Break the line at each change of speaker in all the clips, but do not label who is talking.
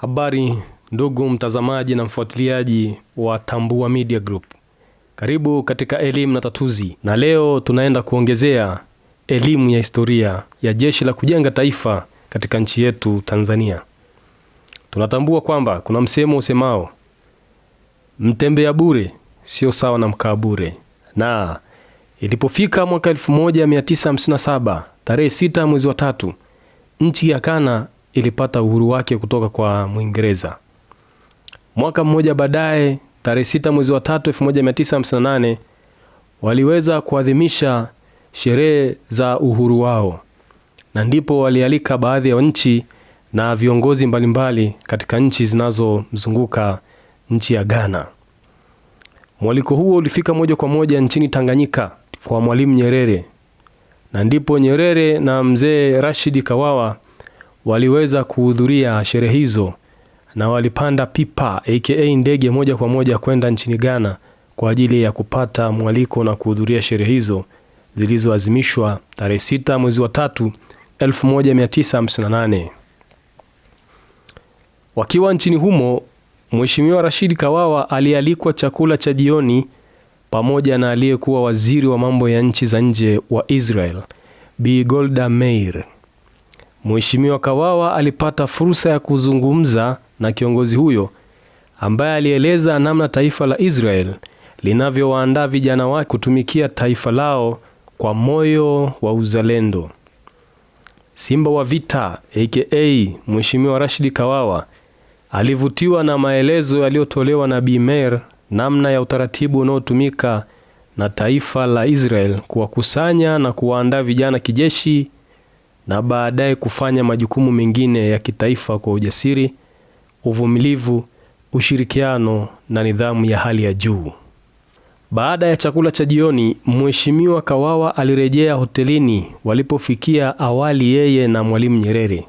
Habari ndugu mtazamaji na mfuatiliaji wa Tambua Media Group, karibu katika elimu na tatuzi, na leo tunaenda kuongezea elimu ya historia ya Jeshi la Kujenga Taifa katika nchi yetu Tanzania. Tunatambua kwamba kuna msemo usemao mtembea bure sio sawa na mkaa bure, na ilipofika mwaka 1957 tarehe 6 mwezi wa tatu, nchi ya Kana ilipata uhuru wake kutoka kwa Mwingereza. Mwaka mmoja baadaye, tarehe sita mwezi wa tatu 1958 waliweza kuadhimisha sherehe za uhuru wao, na ndipo walialika baadhi ya nchi na viongozi mbalimbali katika nchi zinazomzunguka nchi ya Ghana. Mwaliko huo ulifika moja kwa moja nchini Tanganyika kwa Mwalimu Nyerere, na ndipo Nyerere na mzee Rashidi Kawawa waliweza kuhudhuria sherehe hizo na walipanda pipa aka ndege moja kwa moja kwenda nchini Ghana kwa ajili ya kupata mwaliko na kuhudhuria sherehe hizo zilizoazimishwa tarehe 6 mwezi wa tatu 1958. Wakiwa nchini humo, Mheshimiwa Rashid Kawawa alialikwa chakula cha jioni pamoja na aliyekuwa waziri wa mambo ya nchi za nje wa Israel Bi Golda Meir. Mheshimiwa Kawawa alipata fursa ya kuzungumza na kiongozi huyo ambaye alieleza namna taifa la Israel linavyowaandaa vijana wake kutumikia taifa lao kwa moyo wa uzalendo. Simba wa vita aka Mheshimiwa Rashid Kawawa alivutiwa na maelezo yaliyotolewa na Bi namna ya utaratibu unaotumika na taifa la Israel kuwakusanya na kuwaandaa vijana kijeshi na baadaye kufanya majukumu mengine ya kitaifa kwa ujasiri, uvumilivu, ushirikiano na nidhamu ya hali ya juu. Baada ya chakula cha jioni, Mheshimiwa Kawawa alirejea hotelini walipofikia awali yeye na Mwalimu Nyerere.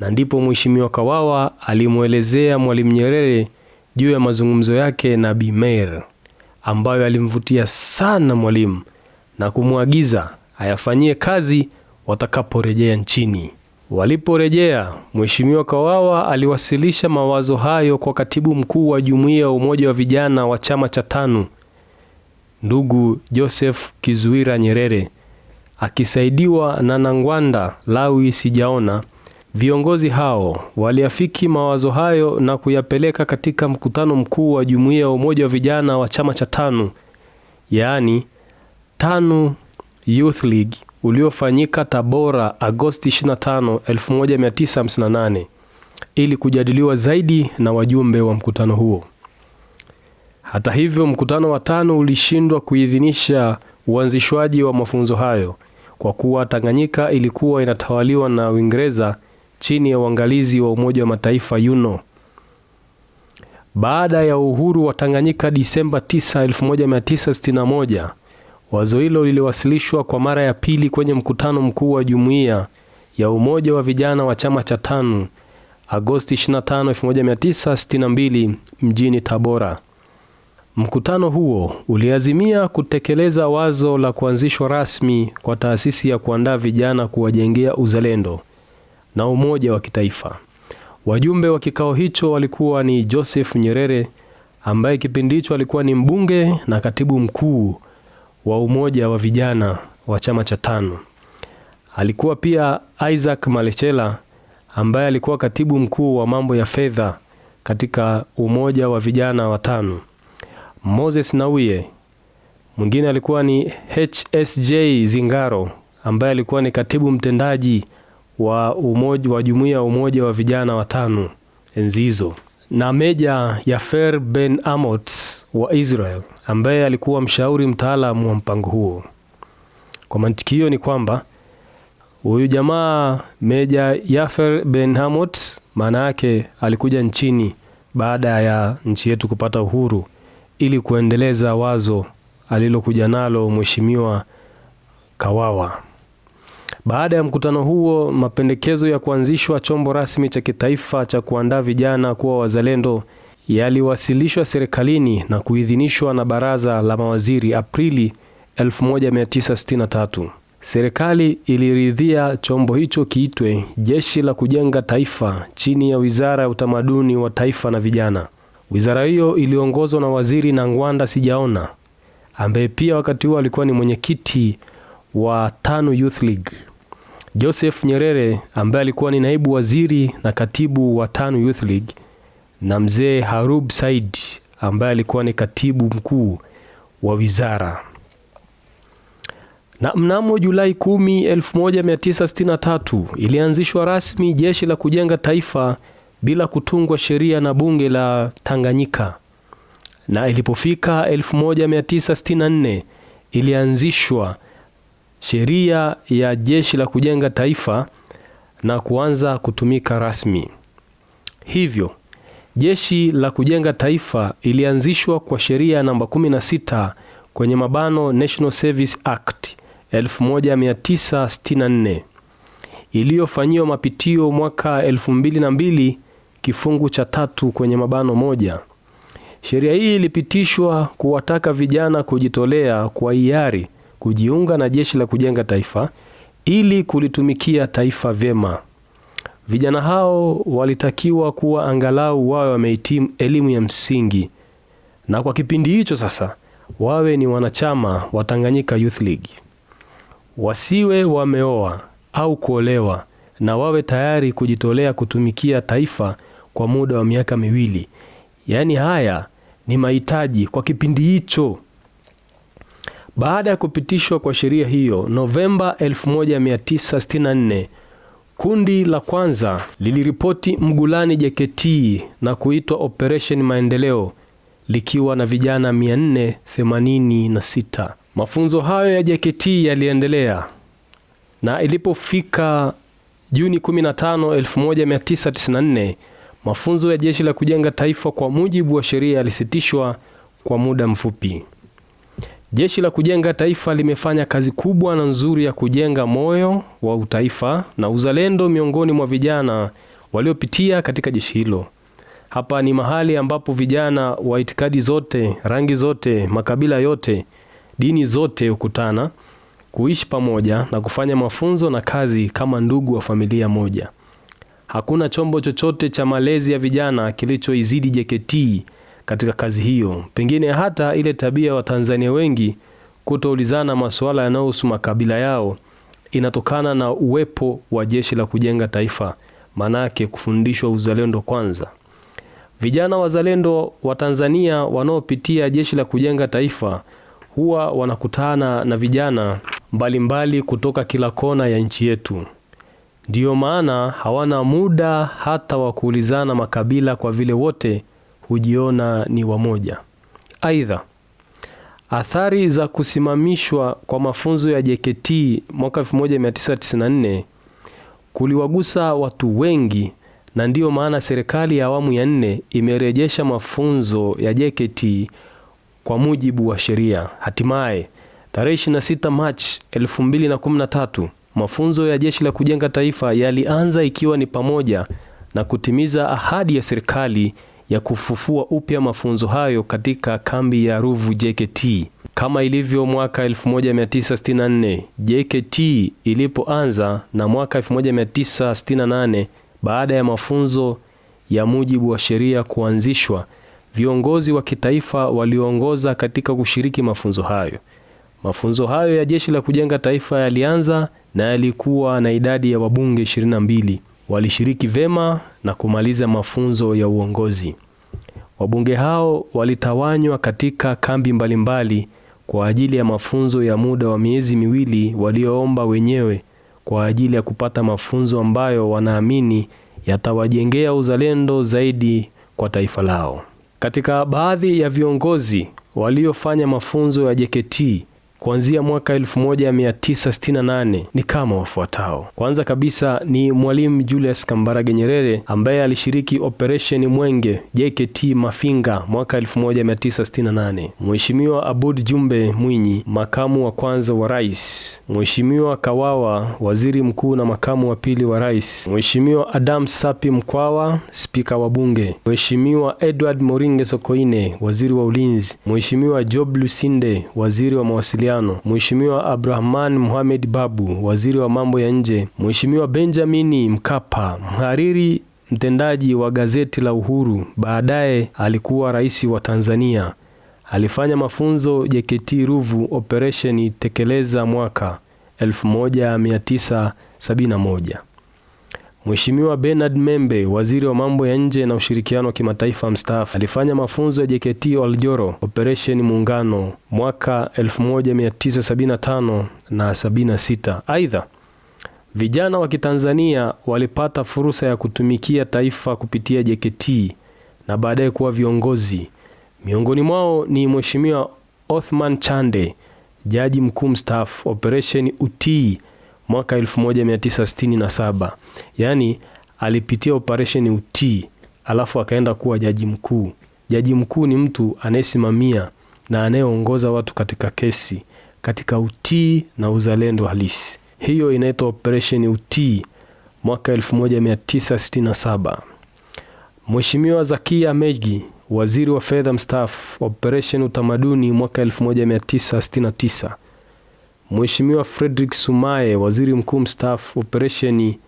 Na ndipo Mheshimiwa Kawawa alimwelezea Mwalimu Nyerere juu ya mazungumzo yake na Bi Mer ambayo alimvutia sana Mwalimu na kumwagiza ayafanyie kazi watakaporejea nchini. Waliporejea, Mheshimiwa Kawawa aliwasilisha mawazo hayo kwa katibu mkuu wa Jumuiya ya Umoja wa Vijana wa chama cha TANU ndugu Joseph Kizuira Nyerere akisaidiwa na Nangwanda Lawi Sijaona. Viongozi hao waliafiki mawazo hayo na kuyapeleka katika mkutano mkuu wa Jumuiya ya Umoja wa Vijana wa chama cha TANU, yaani TANU Youth League uliofanyika Tabora Agosti 25, 1958 ili kujadiliwa zaidi na wajumbe wa mkutano huo. Hata hivyo, mkutano wa tano ulishindwa kuidhinisha uanzishwaji wa mafunzo hayo kwa kuwa Tanganyika ilikuwa inatawaliwa na Uingereza chini ya uangalizi wa Umoja wa Mataifa UNO. Baada ya uhuru wa Tanganyika Disemba 9, 1961 Wazo hilo liliwasilishwa kwa mara ya pili kwenye mkutano mkuu wa jumuiya ya umoja wa vijana wa chama cha TANU Agosti 25, 1962 mjini Tabora. Mkutano huo uliazimia kutekeleza wazo la kuanzishwa rasmi kwa taasisi ya kuandaa vijana kuwajengea uzalendo na umoja wa kitaifa. Wajumbe wa kikao hicho walikuwa ni Joseph Nyerere ambaye kipindi hicho alikuwa ni mbunge na katibu mkuu wa umoja wa vijana wa chama cha tano. Alikuwa pia Isaac Malechela ambaye alikuwa katibu mkuu wa mambo ya fedha katika umoja wa vijana wa tano. Moses Nauye mwingine alikuwa ni HSJ Zingaro ambaye alikuwa ni katibu mtendaji wa umoja wa jumuiya ya umoja wa vijana watano enzi hizo, na Meja Yafer Ben Amots wa Israel ambaye alikuwa mshauri mtaalamu wa mpango huo. Kwa mantiki hiyo ni kwamba huyu jamaa Meja Yafer Ben Hamot maana yake alikuja nchini baada ya nchi yetu kupata uhuru ili kuendeleza wazo alilokuja nalo mheshimiwa Kawawa. Baada ya mkutano huo, mapendekezo ya kuanzishwa chombo rasmi cha kitaifa cha kuandaa vijana kuwa wazalendo yaliwasilishwa serikalini na kuidhinishwa na baraza la mawaziri Aprili 1963. Serikali iliridhia chombo hicho kiitwe Jeshi la Kujenga Taifa chini ya Wizara ya Utamaduni wa Taifa na Vijana. Wizara hiyo iliongozwa na Waziri Nangwanda Sijaona ambaye pia wakati huo alikuwa ni mwenyekiti wa Tanu Youth League. Joseph Nyerere ambaye alikuwa ni naibu waziri na katibu wa Tanu Youth League na mzee Harub Said ambaye alikuwa ni katibu mkuu wa wizara. Na mnamo Julai 10, 1963 ilianzishwa rasmi jeshi la kujenga taifa bila kutungwa sheria na bunge la Tanganyika. Na ilipofika 1964 ilianzishwa sheria ya jeshi la kujenga taifa na kuanza kutumika rasmi. Hivyo Jeshi la Kujenga Taifa ilianzishwa kwa sheria namba 16 kwenye mabano National Service Act 1964 iliyofanyiwa mapitio mwaka 2002 kifungu cha tatu kwenye mabano moja. Sheria hii ilipitishwa kuwataka vijana kujitolea kwa hiari kujiunga na Jeshi la Kujenga Taifa ili kulitumikia taifa vyema. Vijana hao walitakiwa kuwa angalau wawe wamehitimu elimu ya msingi, na kwa kipindi hicho sasa wawe ni wanachama wa Tanganyika Youth League, wasiwe wameoa au kuolewa, na wawe tayari kujitolea kutumikia taifa kwa muda wa miaka miwili. Yaani haya ni mahitaji kwa kipindi hicho. Baada ya kupitishwa kwa sheria hiyo Novemba 1964 Kundi la kwanza liliripoti Mgulani Jeketi na kuitwa Operation Maendeleo likiwa na vijana 486. Mafunzo hayo ya Jeketi yaliendelea na ilipofika Juni 15, 1994 mafunzo ya jeshi la kujenga taifa kwa mujibu wa sheria yalisitishwa kwa muda mfupi. Jeshi la Kujenga Taifa limefanya kazi kubwa na nzuri ya kujenga moyo wa utaifa na uzalendo miongoni mwa vijana waliopitia katika jeshi hilo. Hapa ni mahali ambapo vijana wa itikadi zote, rangi zote, makabila yote, dini zote hukutana kuishi pamoja na kufanya mafunzo na kazi kama ndugu wa familia moja. Hakuna chombo chochote cha malezi ya vijana kilichoizidi JKT katika kazi hiyo, pengine hata ile tabia ya Watanzania wengi kutoulizana masuala yanayohusu makabila yao inatokana na uwepo wa jeshi la kujenga taifa, manake kufundishwa uzalendo kwanza. Vijana wazalendo wa Tanzania wanaopitia jeshi la kujenga taifa huwa wanakutana na vijana mbalimbali mbali kutoka kila kona ya nchi yetu. Ndiyo maana hawana muda hata wa kuulizana makabila, kwa vile wote hujiona ni wamoja. Aidha, athari za kusimamishwa kwa mafunzo ya JKT mwaka 1994 kuliwagusa watu wengi, na ndiyo maana serikali ya awamu ya nne imerejesha mafunzo ya JKT kwa mujibu wa sheria. Hatimaye tarehe 26 Machi 2013 mafunzo ya Jeshi la Kujenga Taifa yalianza ikiwa ni pamoja na kutimiza ahadi ya serikali ya kufufua upya mafunzo hayo katika kambi ya Ruvu JKT. Kama ilivyo mwaka 1964 JKT ilipoanza na mwaka 1968 baada ya mafunzo ya mujibu wa sheria kuanzishwa, viongozi wa kitaifa walioongoza katika kushiriki mafunzo hayo. Mafunzo hayo ya Jeshi la Kujenga Taifa yalianza na yalikuwa na idadi ya wabunge 22 walishiriki vema na kumaliza mafunzo ya uongozi. Wabunge hao walitawanywa katika kambi mbalimbali kwa ajili ya mafunzo ya muda wa miezi miwili walioomba wenyewe kwa ajili ya kupata mafunzo ambayo wanaamini yatawajengea uzalendo zaidi kwa taifa lao. Katika baadhi ya viongozi waliofanya mafunzo ya JKT kuanzia mwaka 1968 ni kama wafuatao. Kwanza kabisa ni Mwalimu Julius Kambarage Nyerere ambaye alishiriki operesheni Mwenge JKT Mafinga mwaka 1968. Mheshimiwa abud Jumbe Mwinyi, makamu wa kwanza wa rais. Mheshimiwa Kawawa, waziri mkuu na makamu wa pili wa rais. Mheshimiwa Adam Sapi Mkwawa, spika wa bunge. Mheshimiwa Edward Moringe Sokoine, waziri wa ulinzi. Mheshimiwa Job Lusinde, waziri wa mawasiliano mawasiliano, Mheshimiwa Abdurahman Mohamed Babu, waziri wa mambo ya nje, Mheshimiwa Benjamini Mkapa, mhariri mtendaji wa gazeti la Uhuru, baadaye alikuwa rais wa Tanzania. Alifanya mafunzo JKT Ruvu, operesheni Tekeleza mwaka 1971. Mheshimiwa Bernard Membe, waziri wa mambo ya nje na ushirikiano wa kimataifa mstaafu, alifanya mafunzo ya JKT Oljoro Operation Muungano mwaka 1975 na 76. Aidha, vijana wa Kitanzania walipata fursa ya kutumikia taifa kupitia JKT na baadaye kuwa viongozi. Miongoni mwao ni Mheshimiwa Othman Chande, jaji mkuu mstaafu, Operation Utii mwaka 1967. Yaani alipitia operesheni utii, alafu akaenda kuwa jaji mkuu. Jaji mkuu ni mtu anayesimamia na anayeongoza watu katika kesi, katika utii na uzalendo halisi. Hiyo inaitwa operesheni utii mwaka 1967. Mheshimiwa Zakia Megi, waziri wa fedha mstaafu, operesheni utamaduni mwaka 1969. Mheshimiwa Frederick Sumaye, waziri mkuu mstaafu, operesheni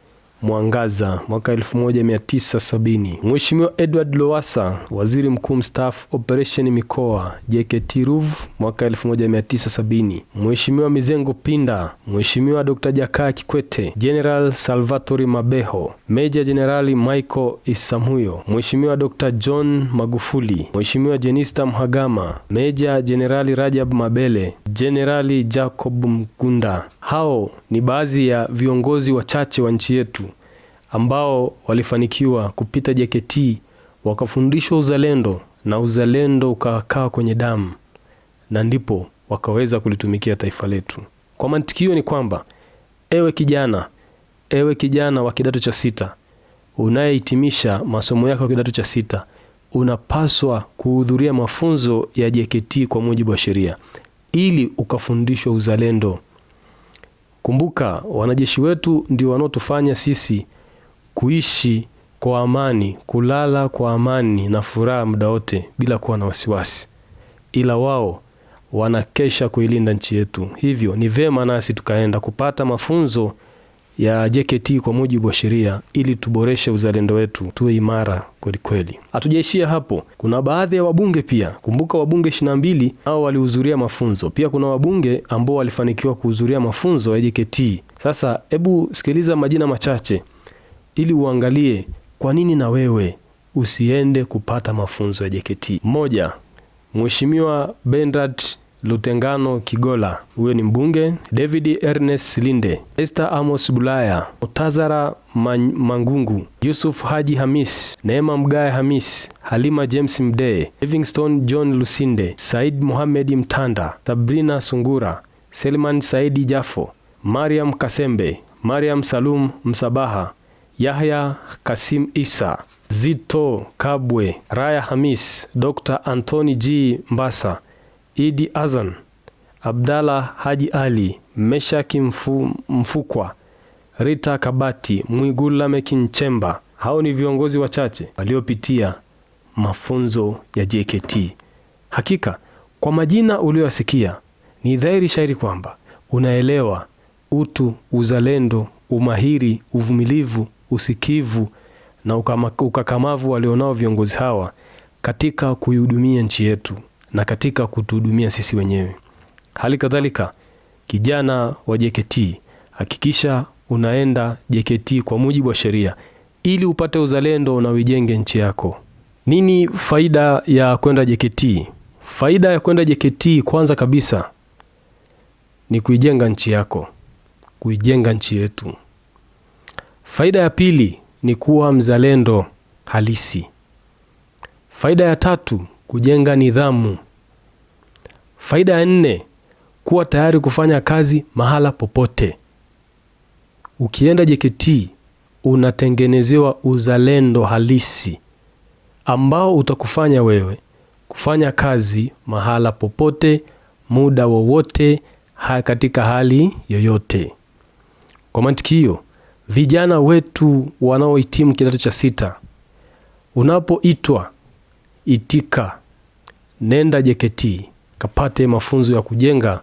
Mwangaza mwaka 1970. Mheshimiwa Edward lowasa waziri mkuu mstaafu operesheni mikoa JKT Ruvu mwaka 1970. Mheshimiwa Mizengo Pinda, Mheshimiwa Dr. Jakaya Kikwete, General Salvatori Mabeho, Meja Jenerali Michael Isamuyo, Mheshimiwa Dr. John Magufuli, Mheshimiwa Jenista Mhagama, Meja Jenerali Rajab Mabele, Jenerali Jacob Mgunda. Hao ni baadhi ya viongozi wachache wa nchi yetu ambao walifanikiwa kupita JKT wakafundishwa uzalendo na uzalendo ukakaa kwenye damu na ndipo wakaweza kulitumikia taifa letu. Kwa mantikio ni kwamba ewe kijana, ewe kijana wa kidato cha sita unayehitimisha masomo yako ya kidato cha sita unapaswa kuhudhuria mafunzo ya JKT kwa mujibu wa sheria ili ukafundishwa uzalendo. Kumbuka, wanajeshi wetu ndio wanaotufanya sisi kuishi kwa amani, kulala kwa amani na furaha muda wote bila kuwa na wasiwasi, ila wao wanakesha kuilinda nchi yetu. Hivyo ni vema nasi tukaenda kupata mafunzo ya JKT kwa mujibu wa sheria, ili tuboreshe uzalendo wetu, tuwe imara kwelikweli. Hatujaishia hapo, kuna baadhi ya wabunge pia. Kumbuka wabunge 22 hao walihudhuria mafunzo pia. Kuna wabunge ambao walifanikiwa kuhudhuria mafunzo ya JKT. Sasa hebu sikiliza majina machache ili uangalie kwa nini na wewe usiende kupata mafunzo ya JKT. Moja, Mheshimiwa Bendrat Lutengano Kigola, huyo ni mbunge; David Ernest Silinde, Esther Amos Bulaya, Mutazara Man Mangungu, Yusuf Haji Hamis, Neema Mgaya Hamis, Halima James Mdee, Livingstone John Lusinde, Said Mohamed Mtanda, Sabrina Sungura, Selman Saidi Jafo, Mariam Kasembe, Mariam Salum Msabaha, Yahya Kasim Isa, Zito Kabwe, Raya Hamis, Dr. Anthony G. Mbasa Idi Azan, Abdalla Haji Ali, Meshaki Mfu, Mfukwa, Rita Kabati, Mwigula Mekinchemba. Hao ni viongozi wachache waliopitia mafunzo ya JKT. Hakika kwa majina uliyosikia ni dhahiri shairi kwamba unaelewa utu, uzalendo, umahiri, uvumilivu, usikivu na ukakamavu walionao viongozi hawa katika kuihudumia nchi yetu na katika kutuhudumia sisi wenyewe. Hali kadhalika, kijana wa JKT, hakikisha unaenda JKT kwa mujibu wa sheria ili upate uzalendo na uijenge nchi yako. Nini faida ya kwenda JKT? Faida ya kwenda JKT kwanza kabisa ni kuijenga nchi yako, kuijenga nchi yetu. Faida ya pili ni kuwa mzalendo halisi. Faida ya tatu kujenga nidhamu. Faida ya nne, kuwa tayari kufanya kazi mahala popote. Ukienda JKT unatengenezewa uzalendo halisi ambao utakufanya wewe kufanya kazi mahala popote, muda wowote, katika hali yoyote. Kwa mantiki hiyo, vijana wetu wanaohitimu kidato cha sita, unapoitwa itika nenda JKT kapate mafunzo ya kujenga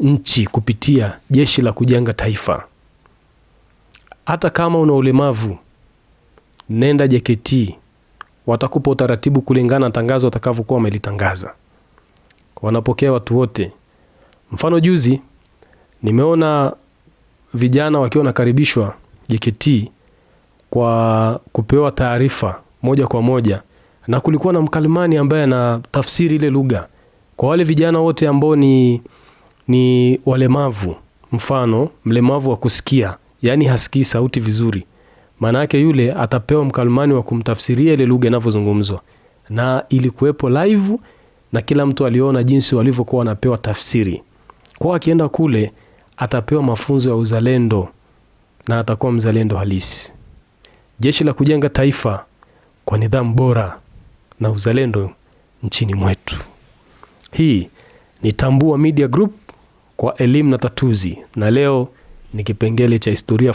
nchi kupitia jeshi la kujenga taifa. Hata kama una ulemavu, nenda JKT, watakupa utaratibu kulingana na tangazo watakavyokuwa wamelitangaza. Wanapokea watu wote. Mfano juzi nimeona vijana wakiwa wanakaribishwa JKT kwa kupewa taarifa moja kwa moja na kulikuwa na mkalimani ambaye anatafsiri ile lugha kwa wale vijana wote ambao ni, ni walemavu. Mfano mlemavu wa kusikia, yani hasikii sauti vizuri, maana yake yule atapewa mkalimani wa kumtafsiria ile lugha inavyozungumzwa, na ilikuwepo live na kila mtu aliona jinsi walivyokuwa wanapewa tafsiri. Kwa akienda kule atapewa mafunzo ya uzalendo na atakuwa mzalendo halisi. Jeshi la kujenga taifa kwa nidhamu bora na uzalendo nchini mwetu. Hii ni Tambua Media Group kwa elimu na tatuzi, na leo ni kipengele cha historia